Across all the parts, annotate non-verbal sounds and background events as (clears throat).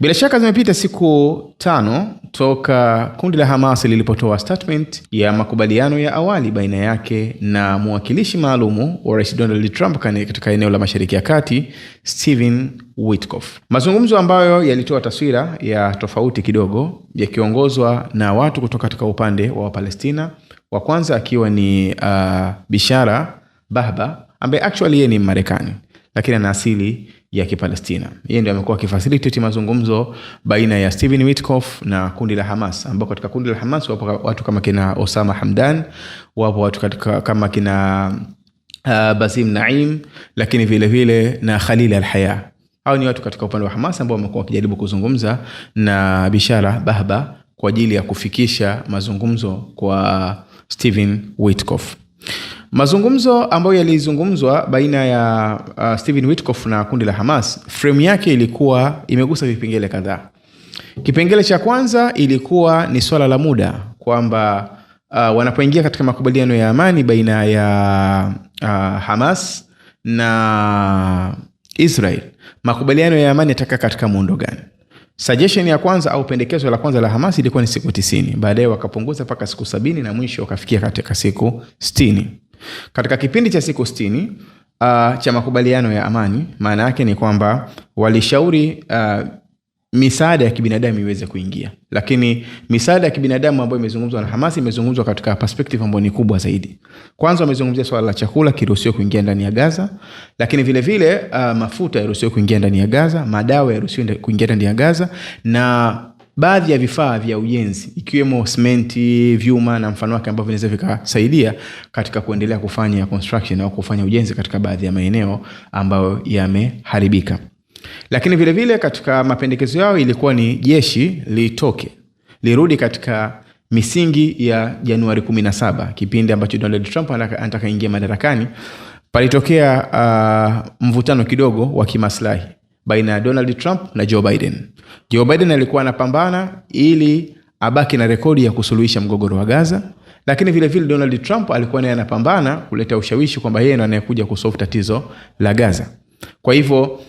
Bila shaka zimepita siku tano toka kundi la Hamas lilipotoa statement ya makubaliano ya awali baina yake na mwakilishi maalumu wa Rais Donald Trump katika eneo la Mashariki ya Kati, Stephen Witkoff. Mazungumzo ambayo yalitoa taswira ya tofauti kidogo, yakiongozwa na watu kutoka katika upande wa Wapalestina, wa kwanza akiwa ni uh, Bishara Bahba ambaye actually yeye ni Marekani lakini ana asili ya Kipalestina. Yeye ndio amekuwa akifacilitate mazungumzo baina ya Steven Witkoff na kundi la Hamas, ambao katika kundi la Hamas wapo watu kama kina Osama Hamdan, wapo watu katika kama kina uh, Basim Naim, lakini vile vile na Khalil Al-Haya. au ni watu katika upande wa Hamas ambao wamekuwa wakijaribu kuzungumza na Bishara Bahba kwa ajili ya kufikisha mazungumzo kwa Steven Witkoff. Mazungumzo ambayo yalizungumzwa baina ya uh, stephen Witkoff na kundi la Hamas, fremu yake ilikuwa imegusa vipengele kadhaa. Kipengele cha kwanza ilikuwa ni swala la muda kwamba uh, wanapoingia katika makubaliano ya amani baina ya uh, Hamas na Israel, makubaliano ya amani yataka katika muundo gani? Suggestion ya kwanza au pendekezo la kwanza la Hamas ilikuwa ni siku tisini, baadaye wakapunguza mpaka siku sabini na mwisho wakafikia katika siku sitini. Katika kipindi cha siku stini uh, cha makubaliano ya amani, maana yake ni kwamba walishauri uh, misaada ya kibinadamu iweze kuingia, lakini misaada ya kibinadamu ambayo imezungumzwa na Hamas imezungumzwa katika perspective ambayo ni kubwa zaidi. Kwanza wamezungumzia swala la chakula kiruhusiwa kuingia ndani ya Gaza, lakini vilevile vile, uh, mafuta yaruhusiwa kuingia ndani ya Gaza, madawa yaruhusiwa kuingia ndani ya Gaza na baadhi ya vifaa vya ujenzi ikiwemo simenti, vyuma na mfano wake ambavyo vinaweza vikasaidia katika kuendelea kufanya construction au kufanya ujenzi katika baadhi ya maeneo ambayo yameharibika. Lakini vile vile katika mapendekezo yao ilikuwa ni jeshi litoke lirudi katika misingi ya Januari 17 kipindi ambacho Donald Trump anataka ingia madarakani. Palitokea uh, mvutano kidogo wa kimaslahi baina ya Donald Trump na Joe Biden. Joe Biden alikuwa anapambana ili abaki na rekodi ya kusuluhisha mgogoro wa Gaza, lakini vilevile Donald Trump alikuwa naye anapambana kuleta ushawishi kwamba yeye ndo anayekuja kusolve tatizo la Gaza. Kwa hivyo uh,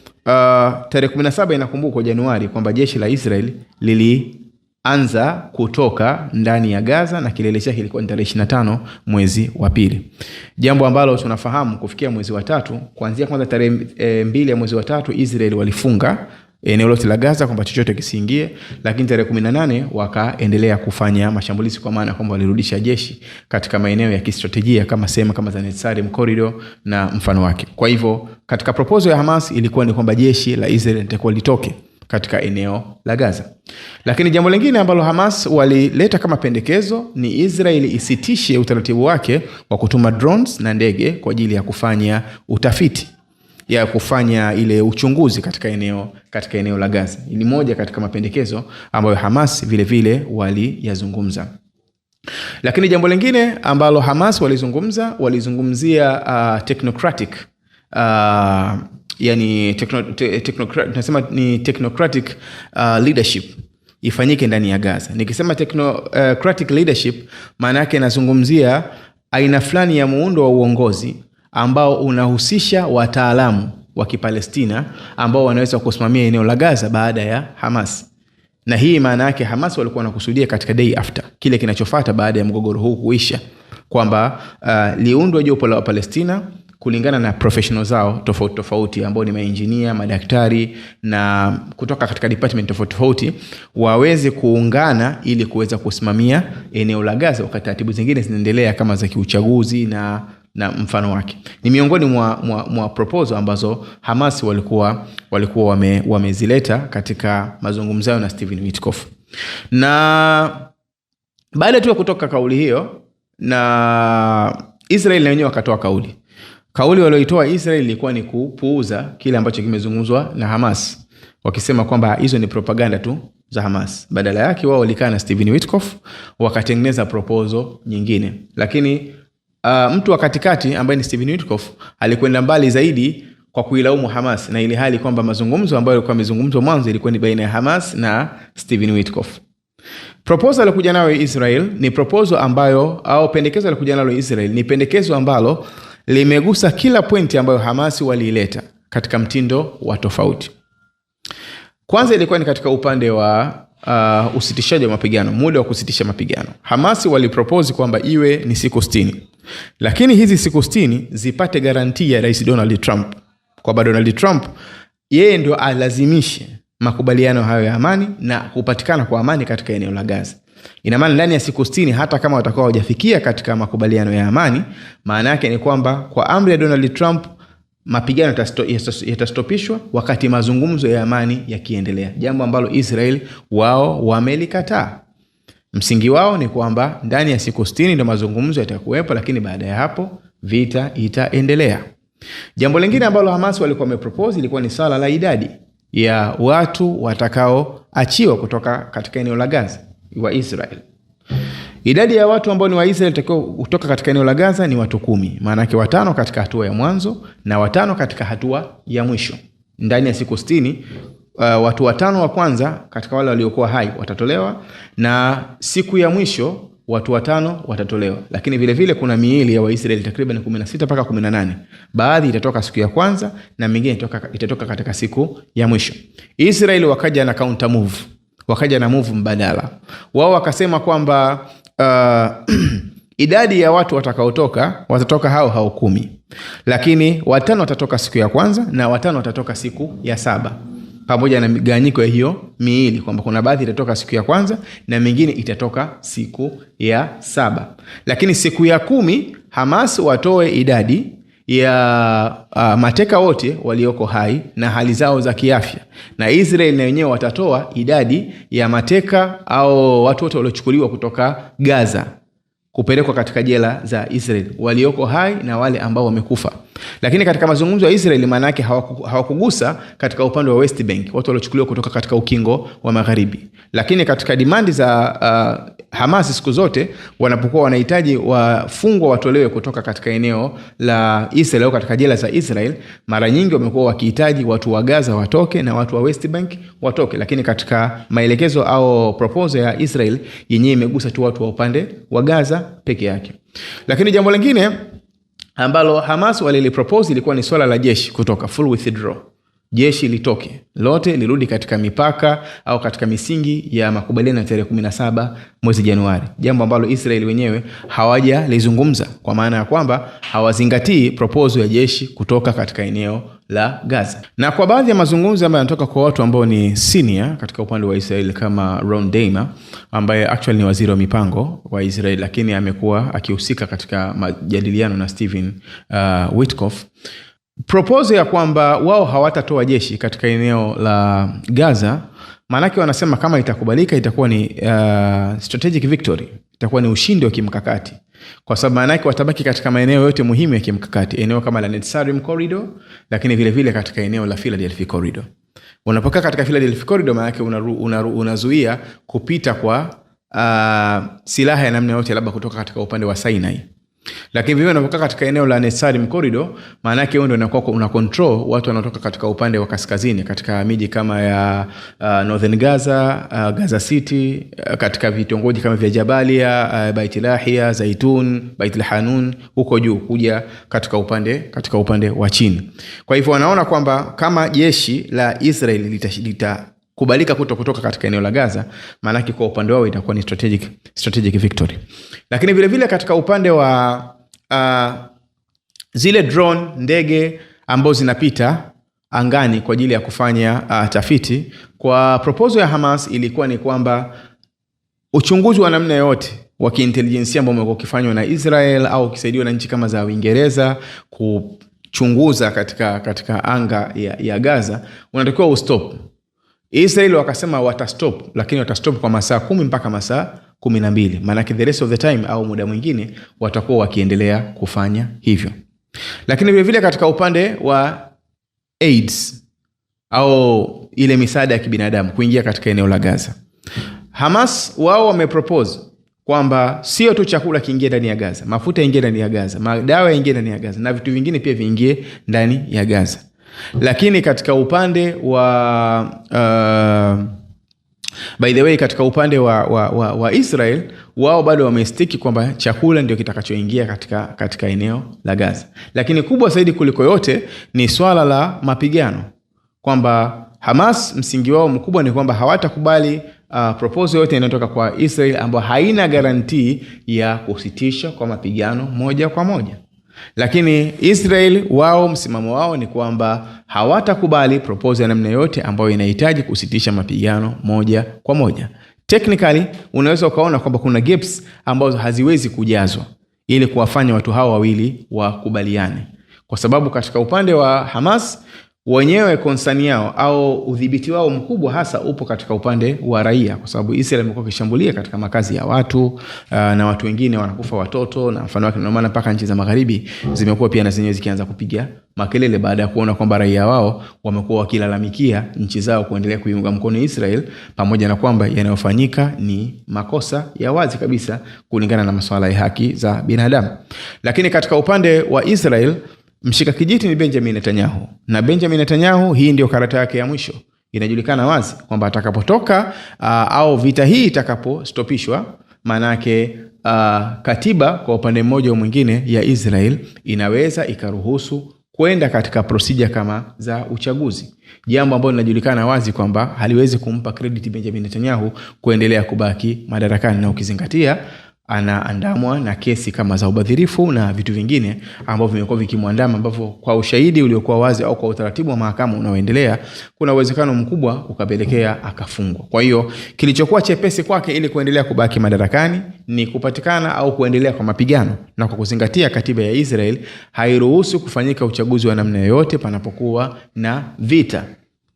tarehe 17 inakumbukwa Januari kwamba jeshi la Israel lili anza kutoka ndani ya Gaza na kilele chake kilikuwa ni tarehe 25 mwezi wa pili, jambo ambalo tunafahamu kufikia mwezi wa tatu, kuanzia kwanza tarehe eh, mbili ya mwezi wa tatu Israel walifunga eneo lote la Gaza kwamba chochote kisiingie, lakini tarehe 18 wakaendelea kufanya mashambulizi, kwa maana kwamba walirudisha jeshi katika maeneo ya kistratejia kama sehemu kama za Netsarim corridor na mfano wake. Kwa hivyo katika proposal ya Hamas ilikuwa ni kwamba jeshi la Israel litakuwa litoke katika eneo la Gaza. Lakini jambo lingine ambalo Hamas walileta kama pendekezo ni Israeli isitishe utaratibu wake wa kutuma drones na ndege kwa ajili ya kufanya utafiti ya kufanya ile uchunguzi katika eneo katika eneo la Gaza. Ni moja katika mapendekezo ambayo Hamas vile vile waliyazungumza. Lakini jambo lingine ambalo Hamas walizungumza, walizungumzia uh, technocratic uh, yani tunasema te, ni technocratic uh, leadership ifanyike ndani ya gaza nikisema technocratic uh, leadership maana yake inazungumzia aina fulani ya muundo wa uongozi ambao unahusisha wataalamu wa kipalestina ambao wanaweza kusimamia eneo la gaza baada ya hamas na hii maana yake hamas walikuwa wanakusudia katika day after kile kinachofata baada ya mgogoro huu kuisha kwamba uh, liundwe jopo la wapalestina kulingana na professional zao tofauti tofauti ambao ni maenjinia madaktari na kutoka katika department tofauti tofauti waweze kuungana ili kuweza kusimamia eneo la gaza wakati taratibu zingine zinaendelea kama za kiuchaguzi na na mfano wake ni miongoni mwa, mwa, mwa proposal ambazo hamas walikuwa walikuwa wame, wamezileta katika mazungumzo yao na stephen witkoff na baada tu ya kutoka kauli hiyo na israel na wenyewe wakatoa kauli Kauli walioitoa israeli ilikuwa ni kupuuza kile ambacho kimezungumzwa na Hamas, wakisema kwamba hizo ni propaganda tu za Hamas. Badala yake wao walikaa na Stephen Witkoff wakatengeneza proposal nyingine, lakini uh, mtu wa katikati ambaye ni Stephen Witkoff alikwenda mbali zaidi kwa kuilaumu Hamas na ili hali kwamba mazungumzo ambayo yalikuwa yamezungumzwa mwanzo ilikuwa ni baina ya Hamas na Stephen Witkoff. Proposal alikuja nayo Israel ni proposal ambayo au pendekezo alikuja nalo Israel ni pendekezo ambalo limegusa kila pointi ambayo Hamasi waliileta katika mtindo wa tofauti. Kwanza ilikuwa ni katika upande wa uh, usitishaji wa mapigano, muda wa kusitisha mapigano. Hamasi walipropose kwamba iwe ni siku sitini, lakini hizi siku sitini zipate garantia ya Rais Donald Trump kwamba Donald Trump yeye ndio alazimishe makubaliano hayo ya amani na kupatikana kwa amani katika eneo la Gaza. Ina maana ndani ya siku stini hata kama watakuwa hawajafikia katika makubaliano ya amani, maana yake ni kwamba kwa amri ya Donald Trump mapigano yatastopishwa wakati mazungumzo ya amani yakiendelea, jambo ambalo Israel wao wamelikataa. Msingi wao ni kwamba ndani ya siku stini ndo mazungumzo yatakuwepo, lakini baada ya hapo vita itaendelea. Jambo lingine ambalo Hamas walikuwa wamepropose ilikuwa ni swala la idadi ya watu watakaoachiwa kutoka katika eneo la Gaza wa Israel. Idadi ya watu ambao ni Waisrael takiwa kutoka katika eneo la Gaza ni watu kumi, maana yake watano katika hatua ya mwanzo na watano katika hatua ya mwisho. Ndani ya siku sitini, uh, watu watano wa kwanza katika wale waliokuwa hai watatolewa, na siku ya mwisho watu watano watatolewa. Lakini vile vile kuna miili ya Waisraeli takriban 16 mpaka 18. Baadhi itatoka siku ya kwanza na mingine itatoka katika siku ya mwisho. Israeli wakaja na counter move wakaja na muvu mbadala wao, wakasema kwamba uh, (clears throat) idadi ya watu watakaotoka watatoka hao hao kumi, lakini watano watatoka siku ya kwanza na watano watatoka siku ya saba pamoja na miganyiko ya hiyo miili kwamba kuna baadhi itatoka siku ya kwanza na mingine itatoka siku ya saba, lakini siku ya kumi Hamas watoe idadi ya uh, mateka wote walioko hai na hali zao za kiafya, na Israeli na wenyewe watatoa idadi ya mateka au watu wote waliochukuliwa kutoka Gaza kupelekwa katika jela za Israeli, walioko hai na wale ambao wamekufa. Lakini katika mazungumzo ya Israeli, maana yake hawakugusa katika upande wa West Bank, watu waliochukuliwa kutoka katika ukingo wa magharibi. Lakini katika dimandi za uh, Hamasi siku zote wanapokuwa wanahitaji wafungwa watolewe kutoka katika eneo la Israel au katika jela za Israel, mara nyingi wamekuwa wakihitaji watu wa Gaza watoke na watu wa West Bank watoke, lakini katika maelekezo au proposal ya Israel yenyewe imegusa tu watu wa upande wa Gaza peke yake. Lakini jambo lingine ambalo Hamas walilipropose ilikuwa ni swala la jeshi kutoka full withdraw jeshi litoke lote lirudi katika mipaka au katika misingi ya makubaliano ya tarehe 17 mwezi Januari, jambo ambalo Israeli wenyewe hawajalizungumza kwa maana ya kwamba hawazingatii proposal ya jeshi kutoka katika eneo la Gaza. Na kwa baadhi ya mazungumzo ambayo yanatoka kwa watu ambao ni senior katika upande wa Israeli kama Ron deima ambaye actually ni waziri wa mipango wa Israeli, lakini amekuwa akihusika katika majadiliano na stephen uh, Witkoff proposal ya kwamba wao hawatatoa jeshi katika eneo la Gaza, maanake wanasema kama itakubalika itakuwa ni uh, strategic victory, itakuwa ni ushindi wa kimkakati, kwa sababu maanake watabaki katika maeneo yote muhimu ya kimkakati, eneo kama la Netsarim corridor, lakini vilevile vile katika eneo la Philadelphia corridor. Unapokaa katika Philadelphia corridor, maanake unazuia kupita kwa uh, silaha ya namna yote, labda kutoka katika upande wa Sinai lakini vivyo unavyokaa katika eneo la Nesarim corridor maana yake wewe ndo unakuwa una control watu wanaotoka katika upande wa kaskazini katika miji kama ya uh, northern gaza uh, gaza city uh, katika vitongoji kama vya jabalia uh, baitlahia zaitun baitlhanun huko juu kuja katika upande katika upande wa chini kwa hivyo wanaona kwamba kama jeshi la israel lita, lita kubalika kuto kutoka katika eneo la gaza maanake kwa upande wao itakuwa ni strategic, strategic victory lakini vilevile vile katika upande wa uh, zile drone ndege ambazo zinapita angani kwa ajili ya kufanya uh, tafiti kwa proposal ya hamas ilikuwa ni kwamba uchunguzi wa namna yote wa kiintelijensia ambao umekuwa ukifanywa na israel au ukisaidiwa na nchi kama za uingereza kuchunguza katika, katika anga ya, ya gaza unatakiwa ustop Israeli wakasema watastop, lakini watastop kwa masaa kumi mpaka masaa kumi na mbili maanake the rest of the time au muda mwingine watakuwa wakiendelea kufanya hivyo. Lakini vilevile katika upande wa AIDS au ile misaada ya kibinadamu kuingia katika eneo la Gaza, Hamas wao wamepropose kwamba sio tu chakula kiingie ndani ya Gaza, mafuta yaingie ndani ya Gaza, madawa yaingie ndani ya Gaza na vitu vingine pia viingie ndani ya Gaza. Lakini katika upande wa uh, by the way katika upande wa, wa, wa, wa Israel wao bado wamestiki kwamba chakula ndio kitakachoingia katika, katika eneo la Gaza, lakini kubwa zaidi kuliko yote ni swala la mapigano kwamba Hamas msingi wao mkubwa ni kwamba hawatakubali uh, proposal yote inayotoka kwa Israel ambayo haina garantii ya kusitisha kwa mapigano moja kwa moja. Lakini Israel wao msimamo wao ni kwamba hawatakubali proposal ya namna yote ambayo inahitaji kusitisha mapigano moja kwa moja. Technically unaweza ukaona kwamba kuna gaps ambazo haziwezi kujazwa ili kuwafanya watu hao wawili wakubaliane, kwa sababu katika upande wa Hamas wenyewe konsani yao au udhibiti wao mkubwa hasa upo katika upande wa raia, kwa sababu Israel imekuwa ikishambulia katika makazi ya watu uh, na watu wengine wanakufa watoto na mfano wake. Ndio maana mpaka nchi za magharibi zimekuwa pia na zenyewe zikianza kupiga makelele baada ya kuona kwamba raia wao wamekuwa wakilalamikia nchi zao kuendelea kuiunga mkono Israel, pamoja na kwamba yanayofanyika ni makosa ya wazi kabisa kulingana na masuala ya haki za binadamu. Lakini katika upande wa Israel Mshika kijiti ni Benjamin Netanyahu, na Benjamin Netanyahu, hii ndiyo karata yake ya mwisho. Inajulikana wazi kwamba atakapotoka uh, au vita hii itakapostopishwa, maanake uh, katiba kwa upande mmoja au mwingine ya Israel inaweza ikaruhusu kwenda katika prosija kama za uchaguzi, jambo ambalo linajulikana wazi kwamba haliwezi kumpa krediti Benjamin Netanyahu kuendelea kubaki madarakani na ukizingatia anaandamwa na kesi kama za ubadhirifu na vitu vingine ambavyo vimekuwa vikimwandama, ambavyo kwa ushahidi uliokuwa wazi au kwa utaratibu wa mahakama unaoendelea, kuna uwezekano mkubwa ukapelekea akafungwa. Kwa hiyo kilichokuwa chepesi kwake ili kuendelea kubaki madarakani ni kupatikana au kuendelea kwa mapigano, na kwa kuzingatia katiba ya Israel hairuhusu kufanyika uchaguzi wa namna yoyote panapokuwa na vita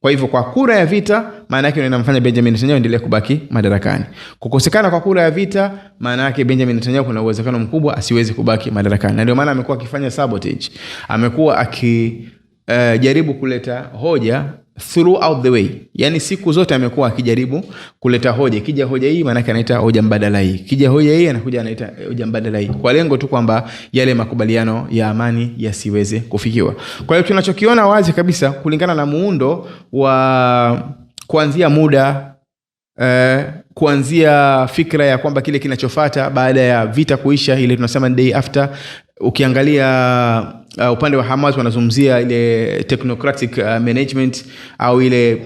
kwa hivyo kwa kura ya vita maana yake inamfanya benjamin netanyahu endelee kubaki madarakani kukosekana kwa kura ya vita maana yake benjamin netanyahu kuna uwezekano mkubwa asiwezi kubaki madarakani na ndio maana amekuwa akifanya sabotage amekuwa akijaribu eh, uh, kuleta hoja throughout the way, yani siku zote amekuwa akijaribu kuleta hoja. Kija hoja hii, maanake anaita hoja mbadala hii, kija hoja hii, anakuja anaita hoja mbadala hii, kwa lengo tu kwamba yale makubaliano ya amani yasiweze kufikiwa. Kwa hiyo tunachokiona wazi kabisa kulingana na muundo wa kuanzia muda eh, kuanzia fikra ya kwamba kile kinachofata baada ya vita kuisha, ile tunasema day after. Ukiangalia uh, upande wa Hamas wanazungumzia ile technocratic uh, management au ile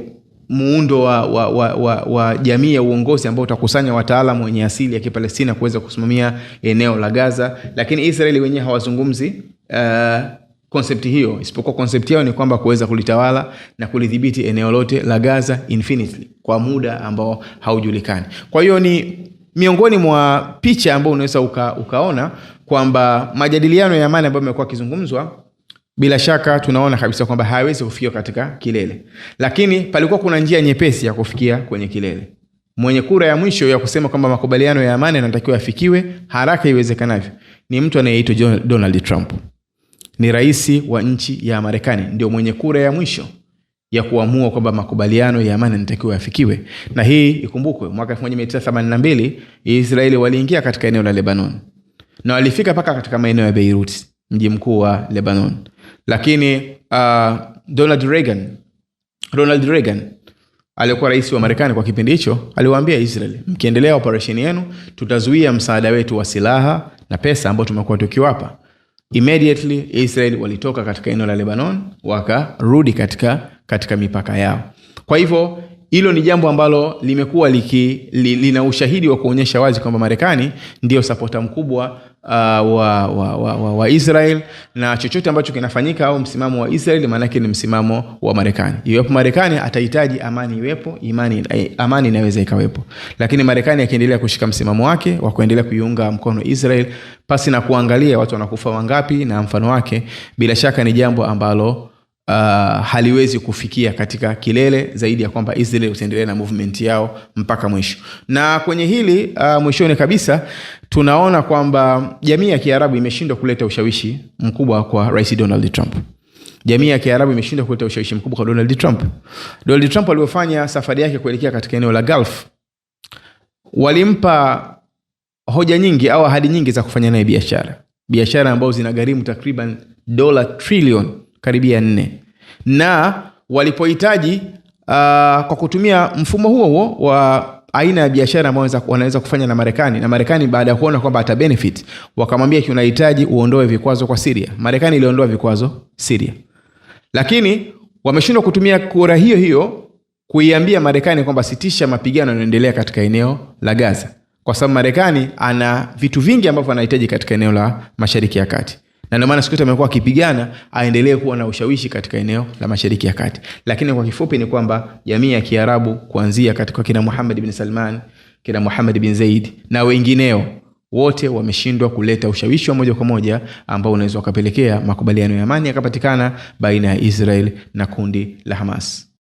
muundo wa, wa, wa, wa, wa jamii ya uongozi ambao utakusanya wataalamu wenye asili ya Kipalestina kuweza kusimamia eneo la Gaza, lakini Israeli wenyewe hawazungumzi uh, konsepti hiyo, isipokuwa konsepti yao ni kwamba kuweza kulitawala na kulidhibiti eneo lote la Gaza infinitely kwa muda ambao haujulikani. Kwa hiyo ni miongoni mwa picha ambayo unaweza uka, ukaona kwamba majadiliano ya amani ambayo yamekuwa akizungumzwa bila shaka tunaona kabisa kwamba hayawezi kufikia katika kilele, lakini palikuwa kuna njia nyepesi ya kufikia kwenye kilele. Mwenye kura ya mwisho ya kusema kwamba makubaliano ya amani yanatakiwa yafikiwe haraka iwezekanavyo ni mtu anayeitwa Donald Trump ni rais wa nchi ya Marekani, ndio mwenye kura ya mwisho ya kuamua kwamba makubaliano ya amani yanatakiwa yafikiwe. Na hii ikumbukwe, mwaka 1982 Israeli waliingia katika eneo la Lebanon na walifika mpaka katika maeneo ya Beirut, mji mkuu wa Lebanon, lakini uh, Donald Reagan, Ronald Reagan aliyekuwa rais wa Marekani kwa kipindi hicho aliwaambia Israel, mkiendelea operesheni yenu tutazuia msaada wetu wa silaha na pesa ambao tumekuwa tukiwapa. Immediately Israel walitoka katika eneo la Lebanon wakarudi katika, katika mipaka yao. Kwa hivyo hilo ni jambo ambalo limekuwa liki, li, lina ushahidi wa kuonyesha wazi kwamba Marekani ndiyo sapota mkubwa uh, wa, wa, wa, wa, wa Israel na chochote ambacho kinafanyika au msimamo wa Israel maanake ni msimamo wa Marekani. iwepo Marekani atahitaji amani iwepo, imani, eh, amani inaweza ikawepo, lakini Marekani akiendelea kushika msimamo wake wa kuendelea kuiunga mkono Israel pasi na kuangalia watu wanakufa wangapi na mfano wake, bila shaka ni jambo ambalo uh, haliwezi kufikia katika kilele zaidi ya kwamba Israel utaendelea na movement yao mpaka mwisho. Na kwenye hili uh, mwishoni kabisa tunaona kwamba jamii ya Kiarabu imeshindwa kuleta ushawishi mkubwa kwa Rais Donald Trump. Jamii ya Kiarabu imeshindwa kuleta ushawishi mkubwa kwa Donald Trump. Donald Trump aliyofanya safari yake kuelekea katika eneo la Gulf, walimpa hoja nyingi au ahadi nyingi za kufanya naye biashara, biashara ambazo zinagharimu takriban dola trilioni karibia nne, na walipohitaji uh, kwa kutumia mfumo huo huo wa aina ya biashara ambayo wanaweza kufanya na Marekani na Marekani baada ya kuona kwamba ata benefit wakamwambia, kiunahitaji uondoe vikwazo kwa Syria. Marekani iliondoa vikwazo Syria, lakini wameshindwa kutumia kura hiyo hiyo kuiambia Marekani kwamba sitisha mapigano yanayoendelea katika eneo la Gaza, kwa sababu Marekani ana vitu vingi ambavyo anahitaji katika eneo la Mashariki ya Kati na ndio maana siku zote amekuwa akipigana aendelee kuwa na ushawishi katika eneo la mashariki ya kati lakini kwa kifupi ni kwamba jamii ya kiarabu kuanzia katika kina muhamad bin salman kina muhamad bin zaid na wengineo wote wameshindwa kuleta ushawishi wa moja kwa moja ambao unaweza ukapelekea makubaliano ya amani yakapatikana baina ya israel na kundi la hamas